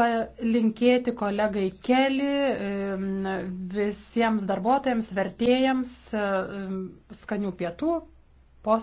palinkėti kolegai Keli, visiems darbuotojams, vertėjams skanių pietų.